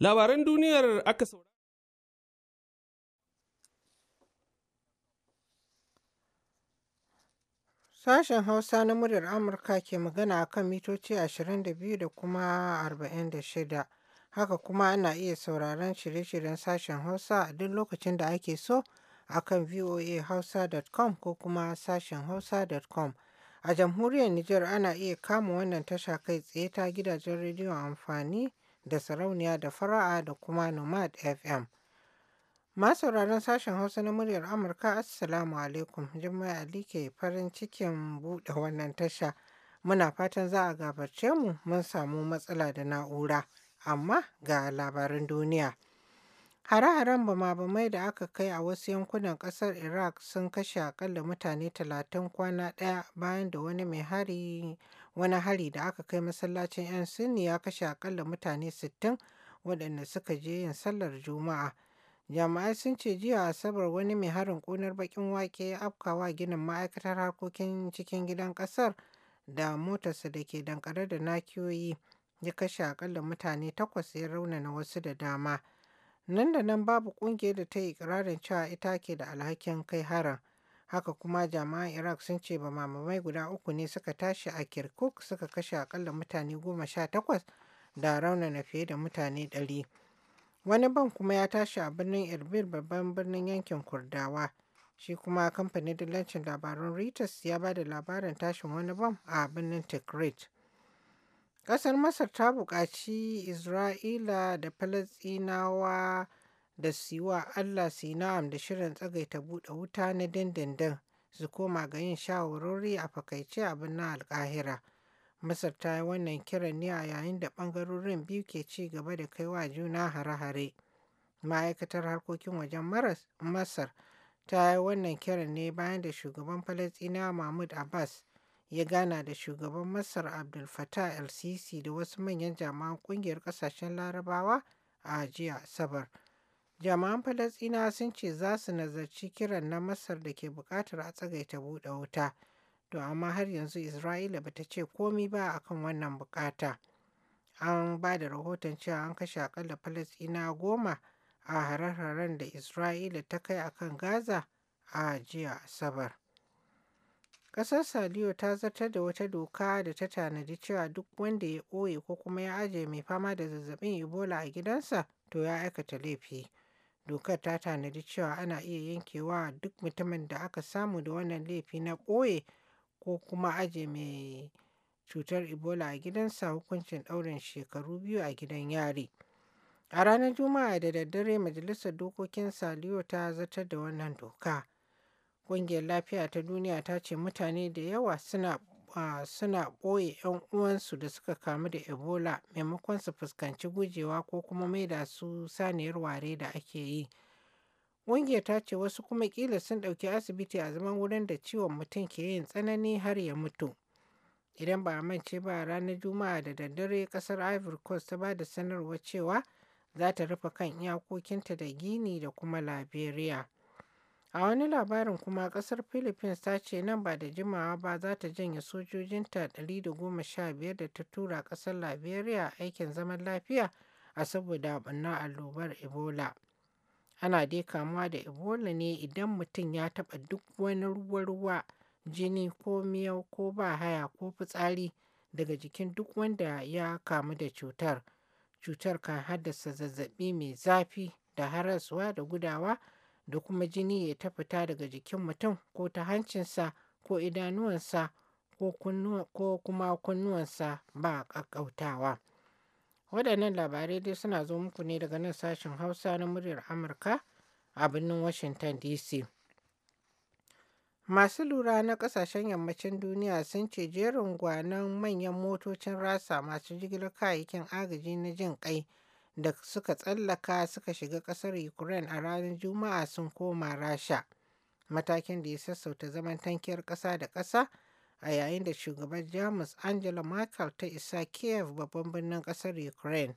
Labaran duniyar aka Sashen Hausa na muryar Amurka ke magana a kan mitoci 22 da kuma 46. Haka kuma ana iya sauraron shirye-shiryen sashen Hausa a duk lokacin da ake so a kan voahausa.com ko kuma sashen hausa.com. A jamhuriyar Nijar ana iya kama wannan tasha kai tsaye ta gidajen rediyon amfani da sarauniya da fara'a da kuma nomad fm masu sauraron sashen hausa na muryar amurka assalamu alaikum jimai ali ke farin cikin buɗe wannan tasha muna fatan za a gabace mu mun samu matsala da na'ura amma ga labarin duniya hare-haren bama-bamai da aka kai a wasu yankunan kasar iraq sun kashe akalla mutane 30 kwana ɗaya bayan da wani mai hari wani hari da aka kai masallacin 'yan sunni ya kashe akalla mutane 60 waɗanda suka je yin sallar juma'a Jama'ai sun ce jiya asabar wani mai harin ƙunar baƙin wake ya afkawa ginin ma'aikatar harkokin cikin gidan ƙasar da motarsa da ke dankare da nakiyoyi ya kashe akalla mutane takwas ya rauna na wasu da dama nan da nan babu ƙungiyar da ta yi ikirarin cewa ita ke da alhakin kai harin haka kuma jami'an iraq sun ce ba mamamai guda uku ne suka tashi a kirkuk suka kashe akalla mutane goma sha takwas da na fiye da mutane ɗari wani ban kuma ya tashi a birnin irbir babban birnin yankin kurdawa shi kuma kamfanin dillancin labarun reuters ya ba da labarin tashin wani bam a birnin tikrit kasar masar ta buƙaci isra'ila da falasɗinawa da su yi wa Allah su yi na'am da shirin tsagaita buɗe wuta na dindindin su koma ga yin shawarori a fakaice abin na alkahira. Masar ta yi wannan kiran ne a yayin da ɓangarorin biyu ke ci gaba da kai wa juna hare-hare. Ma'aikatar harkokin wajen Masar ta yi wannan kiran ne bayan da shugaban Falasɗina Mahmud Abbas ya gana da shugaban Masar Abdul Fattah el-Sisi da wasu manyan jama'an ƙungiyar ƙasashen Larabawa a jiya Asabar. jama'an falasɗinawa sun ce za su nazarci kiran na masar da ke buƙatar a tsagaita buɗe wuta to amma har yanzu isra'ila ba ta ce komi ba akan wannan buƙata an ba da rahoton cewa an kashe akalla falasɗinawa goma a hararren da isra'ila ta kai akan gaza a jiya asabar ƙasar saliyo ta zartar da wata doka da ta tanadi cewa duk wanda ya ɓoye ko kuma ya ajiye mai fama da zazzabin ebola a gidansa to ya aikata laifi Dokar ta tanadi cewa ana iya yankewa duk mutumin da aka samu da wannan laifi na ɓoye ko kuma aje mai cutar Ebola a gidansa hukuncin ɗaurin shekaru biyu a gidan yari. A ranar Juma'a da daddare Majalisar Dokokin Saliyo ta zartar da wannan doka. Ƙungiyar Lafiya ta Duniya ta ce mutane da yawa suna a suna ɓoye 'yan uwansu da suka kamu da ebola maimakon su fuskanci gujewa ko kuma maida su saniyar ware da ake yi ƙungiyar ta ce wasu kuma ƙila sun ɗauki asibiti a zaman wurin da ciwon mutum ke yin tsanani har ya mutu idan ba a mance ba ranar juma'a da daddare ƙasar ivory coast ta ba da sanarwa cewa za ta rufe kan iyakokinta da gini da kuma liberia A wani labarin kuma kasar Philippines ta ce nan ba da jimawa ba za ta janye sojojinta 115 da ta tura kasar Liberia aikin zaman lafiya a saboda banna allobar Ebola. Ana dai kamuwa da Ebola ne idan mutum ya taɓa duk wani ruwa-ruwa, jini ko miyau ko ba haya ko fitsari daga jikin duk wanda ya kamu da cutar. Cutar kan haddasa zazzabi mai zafi da haraswa da gudawa da kuma jini ya ta fita daga jikin mutum ko ta hancinsa ko idanuwansa ko kuma kunnuwansa ba ƙaƙƙautawa. waɗannan labarai dai suna zo muku ne daga nan sashen hausa na muryar amurka a birnin washington dc masu lura na ƙasashen yammacin duniya sun ce jerin gwanon manyan motocin rasa masu jigilar kayayyakin agaji na jin ƙai da suka tsallaka suka shiga kasar Ukraine a ranar Juma'a sun koma Rasha. Matakin da ya sassauta zaman tankiyar ƙasa da ƙasa a yayin da shugaban Jamus Angela Merkel ta isa Kiev babban birnin ƙasar Ukraine.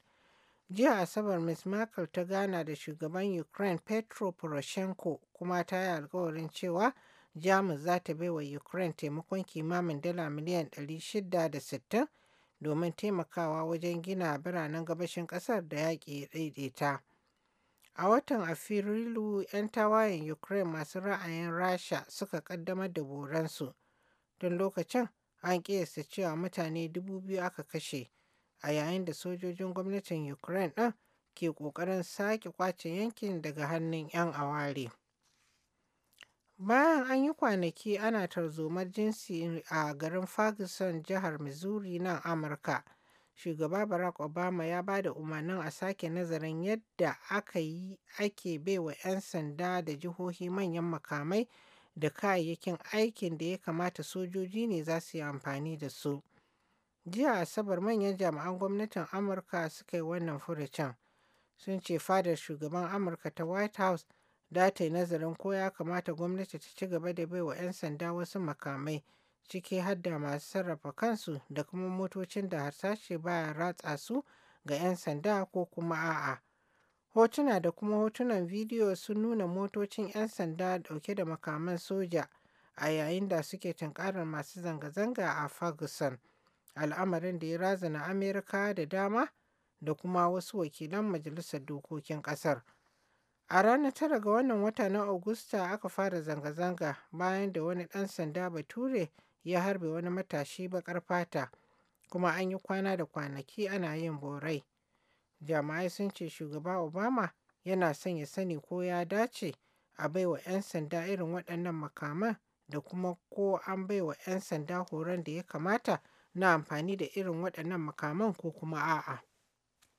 Jiya Asabar Ms. Merkel ta gana da shugaban Ukraine Petro Poroshenko kuma ta yi alkawarin cewa Jamus za ta bai wa Ukraine taimakon kimamin dala miliyan 660 domin taimakawa wajen gina biranen gabashin kasar da yaƙi daidaita. A watan Afrilu, 'yan tawayen Ukraine masu ra'ayin Rasha suka ƙaddamar da boransu. Don lokacin, an ƙiyasta cewa mutane dubu biyu aka kashe, a yayin da sojojin gwamnatin Ukraine ɗin ke ƙoƙarin sake kwace yankin daga hannun 'yan aware. Bayan an yi kwanaki ana tarzomar jinsi a garin Ferguson, jihar Missouri nan Amurka, Shugaba Barack Obama ya ba da umarnin a sake nazarin yadda ake baiwa 'yan sanda da jihohi manyan makamai da kayayyakin aikin da ya kamata sojoji ne za su yi amfani da su. Jiya Asabar manyan jami'an gwamnatin Amurka suka yi wannan furucin. Sun ce fadar shugaban Amurka ta White House da ta yi nazarin ko ya kamata gwamnati ta ci gaba da baiwa 'yan sanda wasu makamai ciki har da masu sarrafa kansu da kuma motocin da harsashe baya ratsa su ga 'yan sanda ko kuma a'a. Hotuna da kuma hotunan bidiyo sun nuna motocin 'yan sanda dauke da makaman soja a yayin da suke tunkarar masu zanga-zanga a Ferguson. Al'amarin da ya razana Amerika da dama da kuma wasu wakilan Majalisar Dokokin Ƙasar. A ranar tara ga wannan wata na Agusta aka fara zanga-zanga bayan da wani ɗan sanda Bature ya harbe wani matashi baƙar fata, kuma an yi kwana da kwanaki ana yin borai. Jami'ai sun ce Shugaba Obama yana son ya sani ko ya dace a baiwa 'yan sanda irin waɗannan makaman da kuma ko an baiwa 'yan sanda horon da ya kamata na amfani da irin waɗannan makaman ko kuma a'a.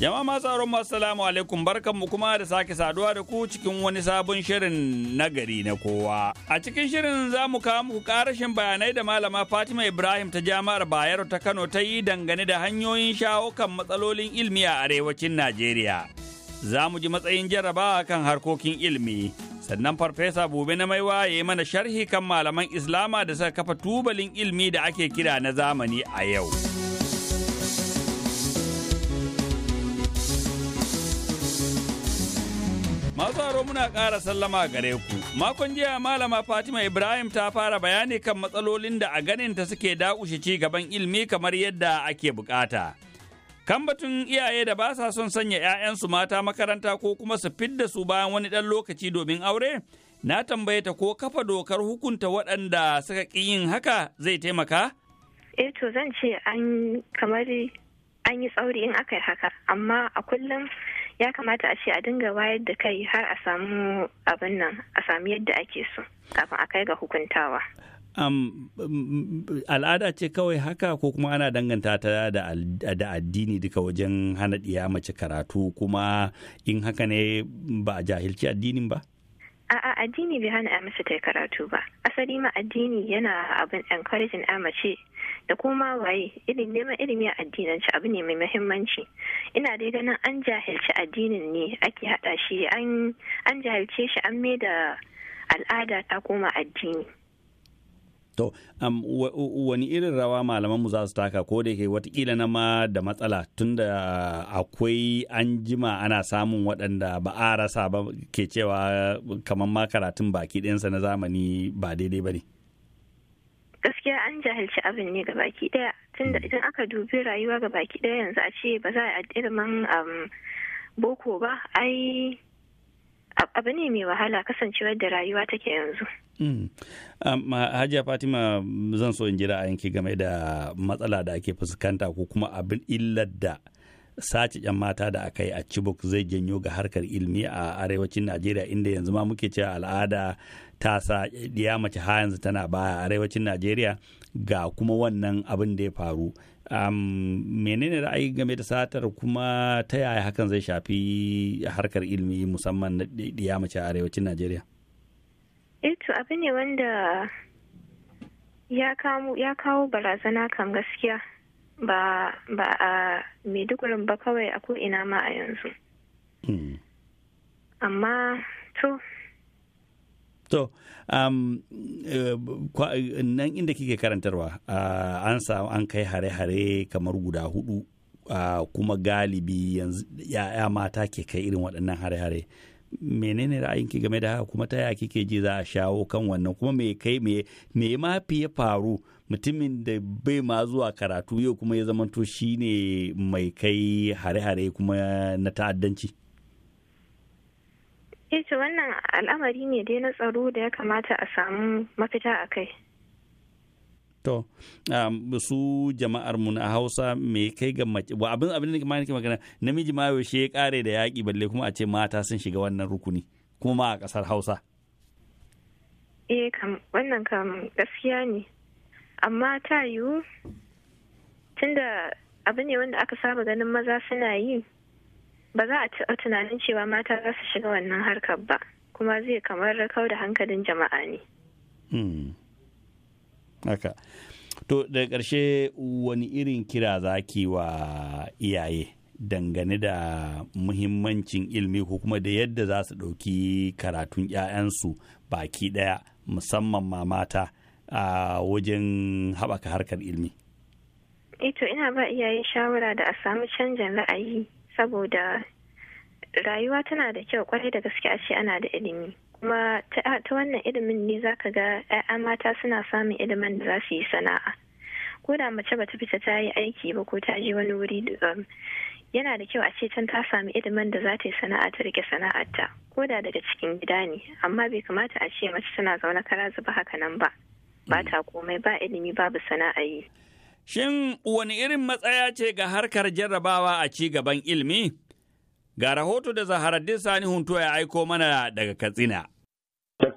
Jama'a masu auren masu salamu alaikum barkanmu kuma da sake saduwa da ku cikin wani sabon shirin na gari na kowa. A cikin shirin za mu kawo muku karashin bayanai da malama Fatima Ibrahim ta jami'ar Bayero ta Kano ta yi dangane da hanyoyin shawo kan matsalolin ilmi a arewacin Najeriya. Za mu ji matsayin jarrabawa kan harkokin ilmi. Sannan Farfesa Bube na Maiwa ya yi mana sharhi kan malaman Islama da suka kafa tubalin ilmi da ake kira na zamani a yau. muna ƙara sallama gare ku. Makon jiya Malama Fatima Ibrahim ta fara bayani kan matsalolin da a ganin ta suke dakushe ci gaban ilimi kamar yadda ake bukata. kambatun iyaye da ba sa son sanya 'ya'yansu mata makaranta ko kuma su fidda su bayan wani ɗan lokaci domin aure, na tambaye ta ko kafa dokar hukunta waɗanda suka ƙi yin haka zai taimaka? Eh to zan ce an kamar an yi tsauri in aka yi haka, amma a kullum ya kamata a ce a dinga wayar da kai har a samu abin nan a samu yadda ake so kafin a kai ga hukuntawa um, al'ada ce kawai haka ko kuma ana danganta ta da, addini duka wajen hana ɗiya mace karatu kuma in haka ne ba a jahilci addinin ba a'a addini bai hana amsa ta karatu ba asali ma addini yana abin encouraging amace da kuma waye irin neman ilimi a addinanci abu ne mai muhimmanci ina dai ganin an jahilci addinin ne ake hada shi an jahilce shi an da al'ada ta koma addini To, um, wani irin rawa malaman mu za su taka ko da yake watakila na ma da matsala tunda akwai an jima ana samun waɗanda ba a rasa ba ke cewa kamar ma karatun baki ɗinsa na zamani ba daidai ba ne. Gaskiya an jahilci abin ne ga baki ɗaya tunda hmm. idan aka dubi rayuwa ga baki ɗaya yanzu a ce ba za a ilimin boko ba ai abu ne mai wahala kasancewar da rayuwa take yanzu. Mm. Um, hajiya fatima zan so in ji ra'ayinki game da matsala da ake fuskanta ko kuma abin illar da sace yan mata da aka yi a Chibok zai janyo ga harkar ilmi a arewacin Najeriya inda yanzu ma muke cewa al'ada ta sa ya mace ha yanzu tana baya arewacin Najeriya ga kuma wannan abin da ya faru. Um, menene ra'ayi game da satar kuma ta yaya hakan zai shafi harkar ilmi musamman ya mace a arewacin Najeriya? Eh, to abu ne wanda ya kawo barazana kan gaskiya ba a maidugurin ba kawai a ko'ina ma a yanzu hmm. amma to to um, eh, nan inda kike karantarwa an samu an kai hare-hare kamar guda hudu kuma galibi yanzu ya mata ke kai irin waɗannan hare-hare menene ra'ayinki game da haka kuma ta yaya kike ji za a shawo kan wannan kuma me kai me me ma fiye faru mutumin da bai ma zuwa karatu yau kuma ya zamanto shine mai kai hare-hare kuma na ta'addanci ce eh, wannan al'amari ne dai na tsaro da ya kamata a samu mafita a kai to um, su jama'ar mu na hausa me kai ga mace abin abin da nake magana namiji ma yaushe ya kare da yaƙi balle kuma a ce mata sun shiga wannan rukuni kuma ma a ƙasar hausa eh kam wannan kam gaskiya ne amma ta yiwu tunda abin ne wanda aka saba ganin maza suna yi ba za a ci tunanin cewa mata za su shiga wannan harkar ba kuma zai kamar da hankalin jama'a ne. Hmm. haka to daga ƙarshe wani irin kira za ki wa iyaye dangane da muhimmancin ilmi ko kuma da yadda za su ɗauki karatun 'ya'yansu baki ɗaya musamman ma mata a wajen haɓaka harkar ilmi eh to ina ba iyaye shawara da a samu canjin ra'ayi saboda rayuwa tana da kyau kwarai da gaske a ce ana da ilimi kuma ta wannan ilimin ne za ka ga 'ya'ya mata suna samun ilimin da za su yi sana'a ko da mace ba ta fita ta yi aiki ba ko ta je wani wuri um, yana da kyau a ce can ta sami ilimin da za ta yi sana'a ta rike sana'arta ko da daga cikin gida ne amma bai kamata a ce mace tana zaune kara zuba haka nan ba ba ta komai ba ilimi babu sana'a yi shin wani irin matsaya ce ga harkar jarrabawa a ci gaban ilimi ga rahoto da zahara sani hunto ya aiko mana daga katsina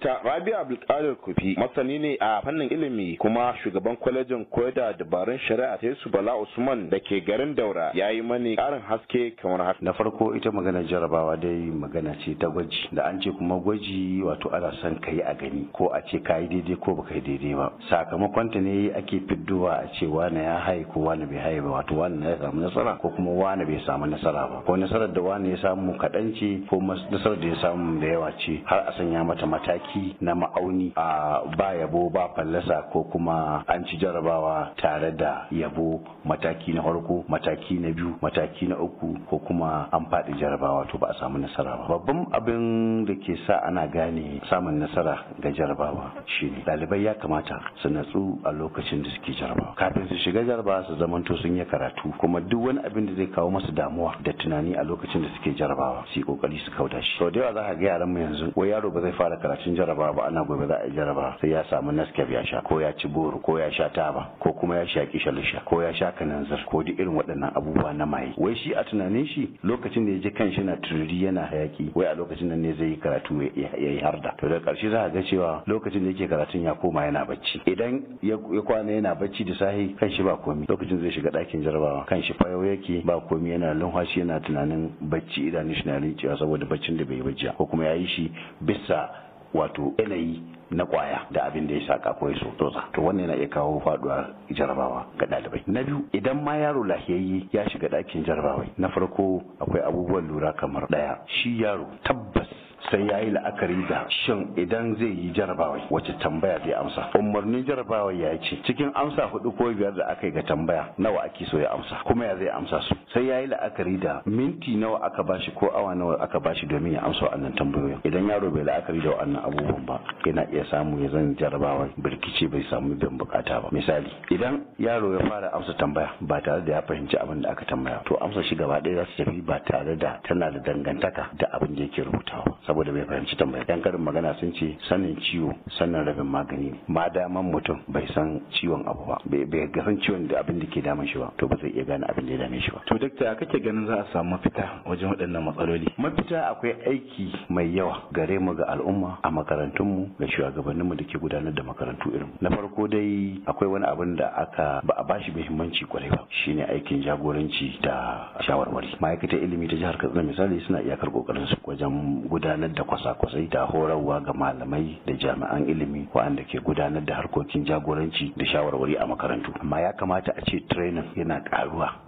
Dr. Rabi Abdulkadir Kofi masani ne a fannin ilimi kuma shugaban kwalejin koyar da dabarun shari'a ta Yusuf Bala Usman da ke garin Daura ya yi mani karin haske kamar haka. Na farko ita magana jarabawa dai magana ce ta gwaji da an ce kuma gwaji wato ana son ka yi a gani ko a ce ka yi daidai ko baka yi daidai ba. Sakamakon ta ne ake fiddowa a ce wani ya haye ko wani bai haye ba wato wani ya samu nasara ko kuma wani bai samu nasara ba ko nasarar da wani ya samu kaɗan ce ko nasarar da ya samu da yawa ce har a sanya mata mataki mataki na ma'auni a ba yabo ba fallasa ko kuma an ci jarabawa tare da yabo mataki na farko mataki na biyu mataki na uku ko kuma an faɗi jarabawa to ba a samu nasara ba babban abin da ke sa ana gane samun nasara ga jarabawa shine ɗalibai ya kamata su natsu a lokacin da suke jarabawa kafin su shiga jarabawa su zamanto sun yi karatu kuma duk wani abin da zai kawo masu damuwa da tunani a lokacin da suke jarabawa su yi kokari su kauda shi to da yawa za ka ga yaran mu yanzu ko yaro ba zai fara karatun jaraba ba ana gobe za a jaraba sai ya samu naskef ya sha ko ya ci boro ko ya sha taba ko kuma ya shaki shalisha ko ya sha kananzir ko duk irin waɗannan abubuwa na maye wai shi a tunanin shi lokacin da ya ji kanshi na tururi yana hayaki wai a lokacin nan ne zai yi karatu ya yi harda to da ƙarshe za a ga cewa lokacin da yake karatun ya koma yana bacci idan ya kwana yana bacci da sahi kanshi ba komi lokacin zai shiga ɗakin jarabawa kanshi fayau yake ba komi yana lumfashi yana tunanin bacci idan shi na rinciwa saboda baccin da bai yi bacci ko kuma ya yi shi bisa wato yanayi na kwaya da abin da ya shaka ko ya so tsotsa to wannan yana iya kawo faduwa jarabawa ga ɗalibai na biyu idan ma yaro lahiyayye ya shiga ɗakin jarabawai na farko akwai abubuwan lura kamar ɗaya shi yaro tabbas sai ya yi la'akari da shin idan zai yi jarabawai wace tambaya zai amsa umarnin jarabawai ya ce cikin amsa hudu ko biyar da aka yi ga tambaya nawa ake so ya amsa kuma ya zai amsa su sai ya yi la'akari da minti nawa aka bashi ko awa nawa aka bashi domin ya amsa wannan tambayoyin idan yaro bai la'akari da wannan abubuwan ba yana iya samu ya zan jarabawai birkice bai samu bin bukata ba misali idan yaro ya fara amsa tambaya ba tare da ya fahimci abin da aka tambaya to amsa shi gaba ɗaya za su tafi ba tare da tana da dangantaka da abin da yake rubutawa saboda bai fahimci tambaya yan karin magana sun ce sanin ciwo sannan rabin magani ne ma daman mutum bai san ciwon abu ba bai ga san ciwon da abin da ke damun shi ba to ba zai iya gane abin da ya dame shi ba to dakta kake ganin za a samu mafita wajen waɗannan matsaloli mafita akwai aiki mai yawa gare mu ga al'umma a makarantunmu ga shugabanninmu da ke gudanar da makarantu irin na farko dai akwai wani abin da aka ba a bashi muhimmanci kwarai ba shine aikin jagoranci da shawarwari ma'aikatar ilimi ta jihar katsina misali suna iyakar kokarin su wajen gudanar gudanar da kwasa-kwasai da horarwa ga malamai da jami'an ilimi waɗanda ke gudanar da harkokin jagoranci da shawarwari a makarantu amma ya kamata a ce training yana karuwa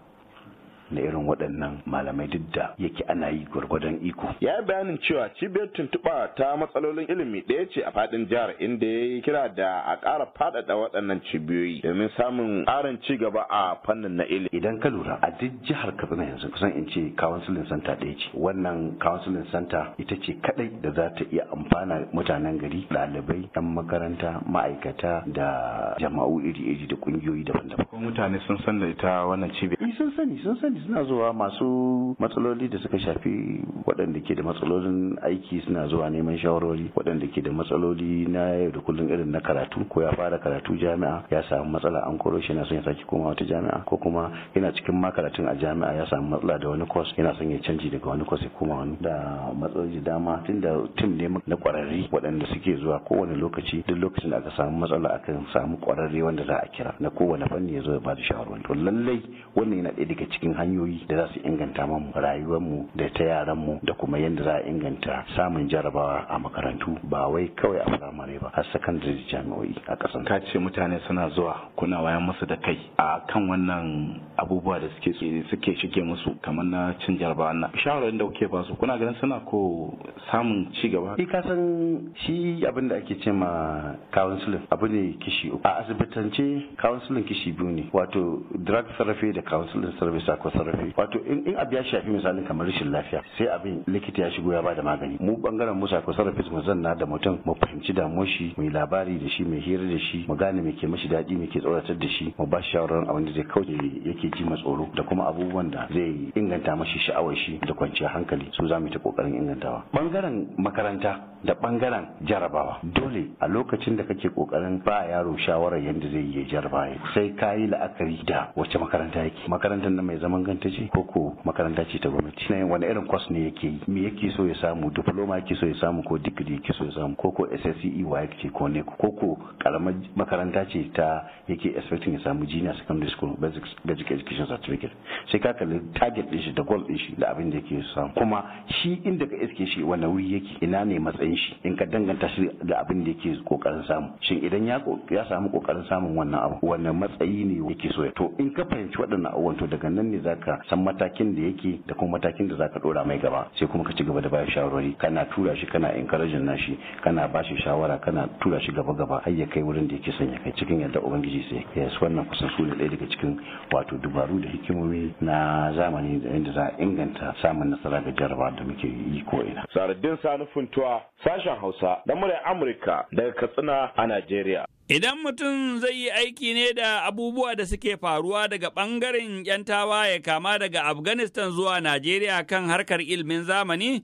na irin waɗannan malamai duk da yake ana yi gwargwadon iko. Ya yi bayanin cewa cibiyar tuntuɓa ta matsalolin ilimi ɗaya ce a faɗin jihar inda ya yi kira da a ƙara faɗaɗa waɗannan cibiyoyi domin samun ƙarin ci gaba a fannin na ilimi. Idan ka lura a duk jihar Katsina yanzu kusan in ce counseling center ɗaya ce. Wannan counseling center ita ce kaɗai da za ta iya amfana mutanen gari ɗalibai 'yan makaranta ma'aikata da jama'u iri-iri da ƙungiyoyi daban-daban. Mutane sun san da ita wannan cibiyar ni sun sani sun sani suna zuwa masu matsaloli da suka shafi waɗanda ke da matsalolin aiki suna zuwa neman shawarwari waɗanda ke da matsaloli na yau da kullum irin na karatu ko ya fara karatu jami'a ya samu matsala an koro shi yana son ya sake koma wata jami'a ko kuma yana cikin ma karatun a jami'a ya samu matsala da wani kwas yana son ya canji daga wani course ya koma wani da matsaloli dama tunda tim ne na kwararri waɗanda suke zuwa kowane lokaci duk lokacin da aka samu matsala akan samu kwararre wanda za a kira na kowane fanni ya zo ya ba da shawarwari to lallai wannan yana ɗaya daga cikin hanyoyi da za su inganta mu rayuwarmu da ta yaran mu, da kuma yadda za a inganta samun jarabawa a makarantu ba wai kawai a firamare ba har sakandare jami'o'i a ƙasar. Ka ce mutane suna zuwa kuna wayan musu da kai a kan wannan abubuwa da suke suke shige musu kamar na cin jarabawa na. Shawarar da kuke ba su kuna ganin suna ko samun ci gaba. Eh, ka san shi abin da ake ce ma counseling abu ne kishi A asibitance counseling kishi biyu ne wato drug therapy da counseling consultant service a sarrafi wato in abu ya shafi misalin kamar rashin lafiya sai abin likita ya shigo ya bada magani mu bangaren mu sako sarrafi mu zanna da mutum mu fahimci damuwar shi mu yi labari da shi mu hira da shi mu gane me ke mashi daɗi me ke tsoratar da shi mu ba shi shawarar abin da zai kauce yake ji ma tsoro da kuma abubuwan da zai inganta mashi sha'awar shi da kwanciyar hankali su za mu ta kokarin ingantawa bangaren makaranta da bangaren jarabawa dole a lokacin da kake kokarin ba yaro shawarar yadda zai yi jarabawa sai ka yi la'akari da wace makaranta yake makarantar nan mai zaman ganta ce ko ko makaranta ce ta gwamnati na wani irin kwas ne yake yi me yake so ya samu diploma yake so ya samu ko degree yake so ya samu ko ko SSCE wa yake ko ne ko ko karamar makaranta ce ta yake expecting ya samu junior secondary school basic, basic education certificate sai ka kalli target din shi da goal din shi da abin da yake so samu kuma shi inda ka iske shi wani wuri yake ina ne matsayin shi in ka danganta shi da abin da yake kokarin samu shin idan ya ya samu kokarin samun wannan abu wannan matsayi ne yake so ya to in ka fahimci waɗannan wato daga nan ne zaka san matakin da yake da kuma matakin da zaka dora mai gaba sai kuma ka ci gaba da bayar shawarwari kana tura shi kana encouraging nashi kana ba shi shawara kana tura shi gaba gaba har ya kai wurin da yake son ya kai cikin yadda ubangiji sai yes wannan kusan su ne ɗaya daga cikin wato dubaru da hikimomi na zamani da yadda za a inganta samun nasara ga jarraba da muke yi ko ina saraddin sanufuntuwa sashen hausa da muryar amurka daga katsina a najeriya Idan mutum zai yi aiki ne da abubuwa da suke faruwa daga ɓangaren 'yan ya kama daga Afghanistan zuwa Najeriya kan harkar ilmin zamani,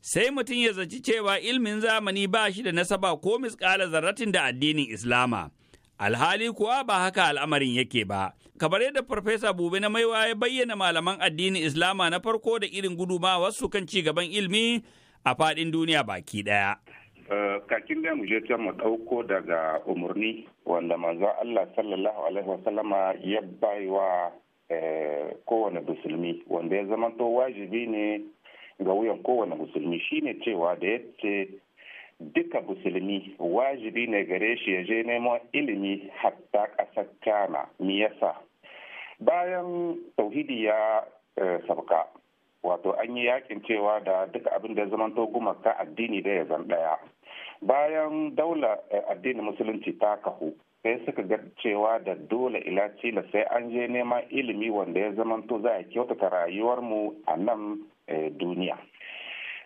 sai mutum ya zaci cewa ilmin zamani ba shi da nasaba ko misƙala zarratin da addinin Islama. Alhali kuwa ba haka al'amarin yake ba. Kamar yadda Farfesa Bube na Maiwa ya bayyana malaman addinin Islama na farko da irin gudumawarsu kan ci gaban ilimi a faɗin duniya baki ɗaya. Eh, kakin da mu je ta mu ɗauko daga umarni wanda manzo Allah sallallahu alaihi wasallama ya baiwa eh, kowane musulmi wanda ya zama to wajibi ne ga wuyan kowane musulmi shine cewa da ya ce duka musulmi wajibi ne gare shi ya je neman ilimi hatta ƙasar kana me yasa bayan tauhidi ya eh, sabka wato an yi yakin cewa da duka abin da ya zamanto gumaka addini da ya zan daya bayan daula eh, addinin musulunci ta kahu sai suka ga cewa da dole ilacila sai an je neman ilimi wanda ya zamanto za a kyautata mu a nan eh, duniya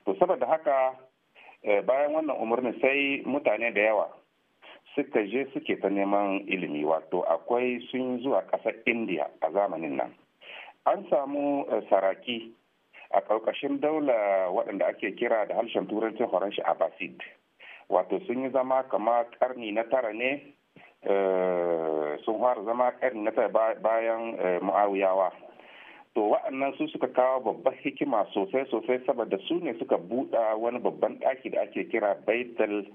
to saboda haka eh, bayan wannan umarni sai mutane da yawa suka je suke ta neman ilimi wato akwai sun zuwa ƙasar indiya a zamanin nan an samu saraki a ƙarƙashin daula waɗanda ake kira da harshen turancin faransa abbasid wato sun yi zama kama ƙarni na tara ne eh, sun fara zama ƙarni na tara bayan eh, mu'awiyawa to waɗannan su suka kawo babban hikima sosai sosai saboda su ne suka buɗa wani babban ɗaki da ake kira baitul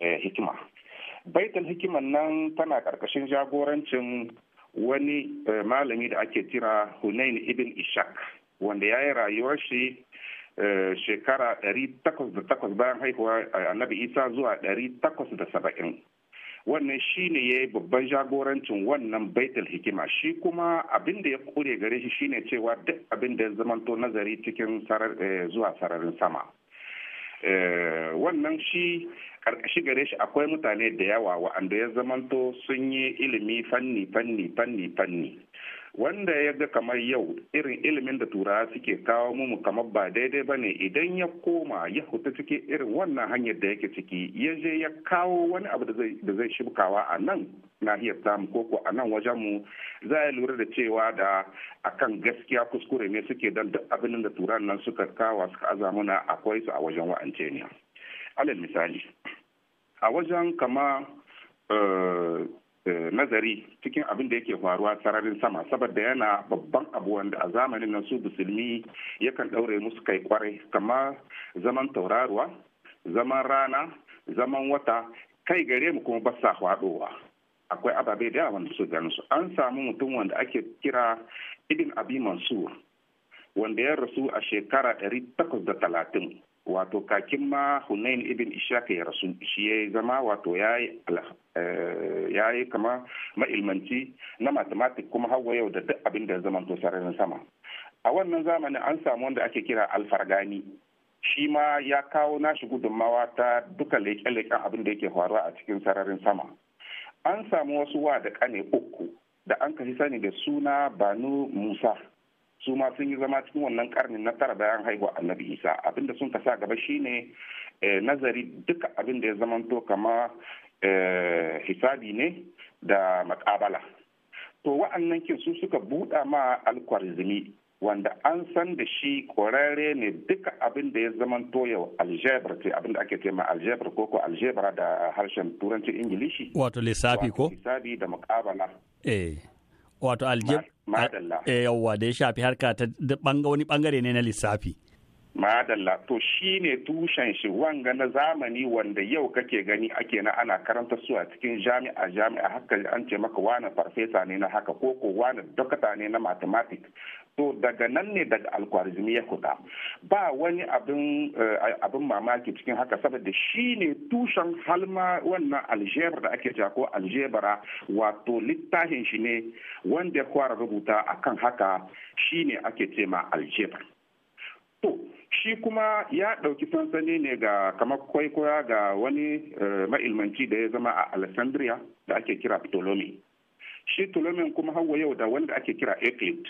eh, hikima baitul hikiman nan tana ƙarƙashin jagorancin wani malami da ake kira hunain ibn ishak wanda ya yi rayuwar shi eh, shekara takwas bayan haihuwa eh, annabi isa zuwa 870 wannan shi ne ya yi babban jagorancin wannan baitul hikima shi kuma abin da ya kure gare shi shine cewa duk abin da ya zamanto nazari cikin eh, zuwa sararin sama wannan shi karkashi gare shi akwai mutane da yawa wa'anda ya zamanto sun yi ilimi fanni fanni fanni fanni wanda ya ga kamar yau irin ilimin da turawa suke kawo mu kamar ba daidai ba ne idan ya koma ya hutu cikin irin wannan hanyar da yake ciki ya je ya kawo wani abu da zai shibkawa a nan nahiyar tamu samu koko a nan wajenmu za ya lura da cewa da akan gaskiya kuskure ne suke don duk abin da turan nan suka kawo suka azamuna akwai su a wajen wa'ance ne alal misali a wajen kama eh, nazari cikin abin da yake faruwa sararin sama saboda yana babban abu wanda a zamanin nan su musulmi yakan ɗaure musu kai kwarai kamar zaman tauraruwa zaman rana zaman wata kai gare mu kuma ba sa hwadowa akwai ababe da yawa wanda su gani su an samu mutum wanda ake kira ibn abi mansur wanda ya rasu a shekara ɗari takwas da talatin wato kakin ma hunain ibn ishaka ya rasu shi ya zama wato ya yi eh, kama ma'ilmanci na matematik kuma hawa yau da duk abin da zaman to sararin sama a wannan zamani an samu wanda ake kira alfargani shi ma ya kawo nashi gudunmawa ta duka leƙe-leƙen abin da yake faruwa a cikin sararin sama an samu wasu wa da ƙane uku da an kashi sani da suna banu musa su ma sun yi zama cikin wannan karnin na tara bayan haihuwa annabi isa abinda sun kasa gaba shine eh, nazari duka abinda da ya zamanto kama eh, hisabi ne da makabala to wa'annan kin su suka buɗa ma alkwarizmi wanda an san da shi ƙwararre ne duka abin da ya zaman yau aljebra ce abin da ake ce ma aljebra ko ko aljebra da harshen turanci ingilishi wato lissafi ko lissafi da mukabala eh wato aljib eh, yawwa da ya shafi harka ta wani bangare ne na lissafi madalla to shi ne tushen shi wanga na zamani wanda yau kake gani ake na ana karanta su a cikin jami'a jami'a haka an ce maka wani farfesa ne na haka ko ko wani dokata ne na mathematics so daga nan ne daga alkwarizmi ya kuta ba wani eh, abin mamaki cikin haka saboda shi ne tushen halma wannan aljebra da ake cewa ko aljebara wato littafin shi ne wanda ya kwara rubuta akan haka shi ne ake ce ma aljebra. to shi kuma ya ɗauki sansani ne ga kamar kwaikwaya ga wani eh, ma'ilmanci da ya zama a alexandria da ake kira ptolemy shi ptolemy kuma hawa yau da wanda ake kira euclid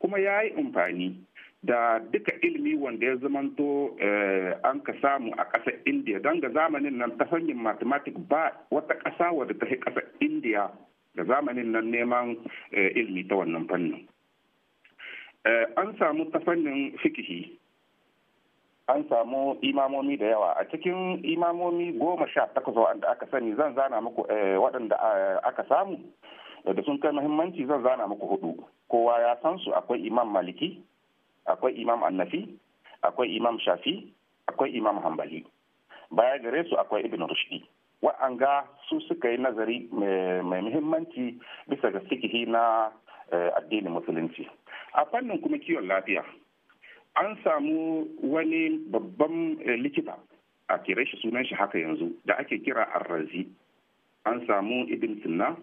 kuma ya yi amfani da duka ilimi wanda ya zamanto eh, an ka samu a ƙasar indiya don ga zamanin nan ta hanyar mathematics ba wata ƙasa wadda ta fi ƙasar indiya da zamanin nan neman eh, ilimi ta wannan fannin eh, an samu ta fannin fikihi an samu imamomi da yawa a cikin imamomi goma sha takwas waɗanda aka sani zan zana muku waɗanda aka samu da sun kai muhimmanci zan zana muku hudu kowa ya san su akwai imam maliki akwai imam annafi akwai imam shafi akwai imam hambali baya gare su akwai ibn rushdi wa'anga su suka yi nazari mai muhimmanci bisa ga sikihi na eh, addinin musulunci a fannin kuma kiwon lafiya an samu wani babban eh, likita a kira shi sunan shi haka yanzu da ake kira arrazi an samu ibn sinna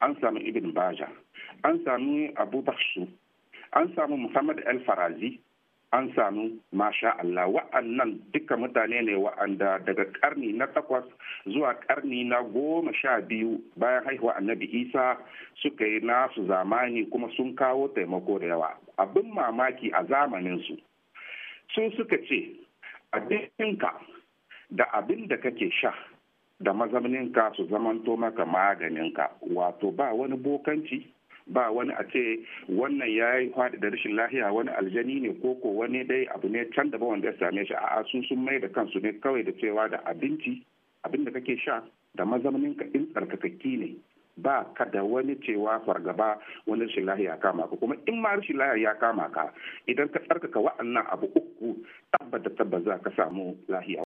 an samu ibn baja an sami abu an samu muhammad el farazi an sami masha Allah wa'annan duka mutane ne wa'anda daga karni na takwas zuwa karni na goma sha biyu bayan haihuwa annabi isa suka yi nasu zamani kuma sun kawo taimako da yawa abin mamaki a zamaninsu sun suka ce abinka da abin da kake sha da mazamninka su zamanto maka maganinka wato ba wani bokanci ba wani a ce wannan ya yi faɗi da rashin lahiya wani aljani ne ko ko wani dai abu ne can da wanda ya same shi a sun sun mai da kansu ne kawai da cewa da abinci abin da kake sha da mazauninka in tsarkakakki ne ba ka da wani cewa fargaba wani rashin lahiya kama ka kuma in ma rashin lahiya ya kama ka idan ka tsarkaka wa'annan abu uku tabbata tabbata za ka samu lahiya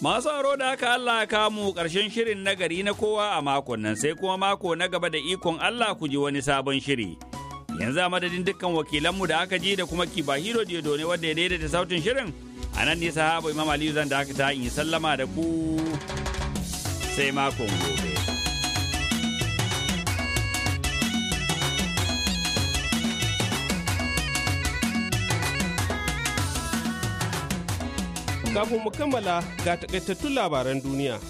Masu aro da aka Allah ya ƙarshen shirin na gari na kowa a makon nan sai kuma mako na gaba da ikon Allah ku ji wani sabon shiri. Yanzu a madadin dukkan wakilanmu da aka ji da kuma kiba hiro diodo ne wanda ya daidaita sautin shirin a nan ne sahaba Imam Aliyu zan da aka ta in sallama da ku sai makon gobe. Kafin mu kammala ga takaitattun labaran duniya.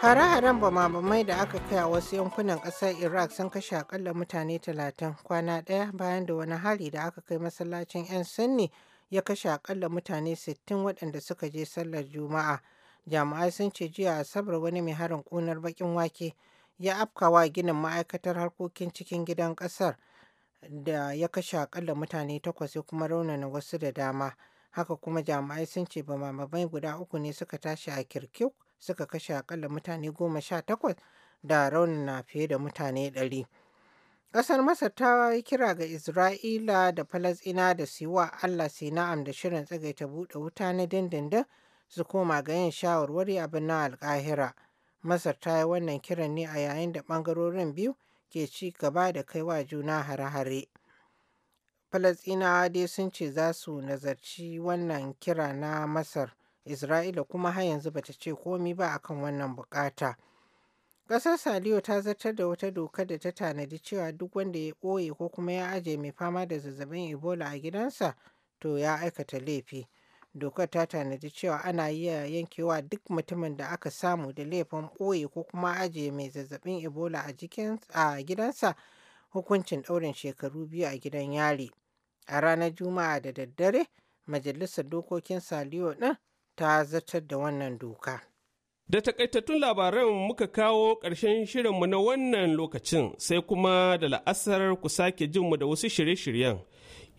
Hare-haren bama-bamai da aka kai a wasu yankunan ƙasar Iraq sun kashe akalla mutane talatin kwana ɗaya bayan da wani hari da aka kai masallacin 'yan sanni ya kashe akalla mutane 60 waɗanda suka je sallar Juma'a. Jami'ai sun ce jiya a Asabar wani mai harin ƙunar baƙin wake ya afkawa ginin ma'aikatar harkokin cikin gidan ƙasar da ya kashe akalla mutane takwas ya kuma raunana wasu da dama haka kuma jami'ai sun ce mamabai guda uku ne suka tashi a kirkuk suka kashe akalla mutane goma sha takwas da raunana fiye da mutane ɗari ƙasar masar ta yi kira ga isra'ila da falasɗina da siwa wa allah su na'am da shirin tsagaita buɗe wuta na dindindin su koma ga yin shawarwari abin na alƙahira masar ta yi wannan kiran ne a yayin da ɓangarorin biyu ke ci gaba da kai wa juna hare-hare. Falasɗinawa dai sun ce za su nazarci wannan kira na Masar, Isra'ila kuma har yanzu bata ce komi ba akan wannan bukata. Ƙasar Saliyo ta zartar da wata doka da ta tanadi cewa duk wanda ya ɓoye ko kuma ya ajiye mai fama da zazzabin Ebola a gidansa to ya aikata laifi. dokar ta tanadi cewa ana iya yankewa duk mutumin da aka samu da laifin ɓoye ko kuma ajiye mai zazzabin ebola a gidansa hukuncin ɗaurin shekaru biyu a gidan yari a ranar juma'a da daddare majalisar dokokin saliyo ɗin ta zartar da wannan doka da takaitattun labaran muka kawo ƙarshen shirinmu na wannan lokacin sai kuma da la'asar ku sake jinmu da wasu shirye-shiryen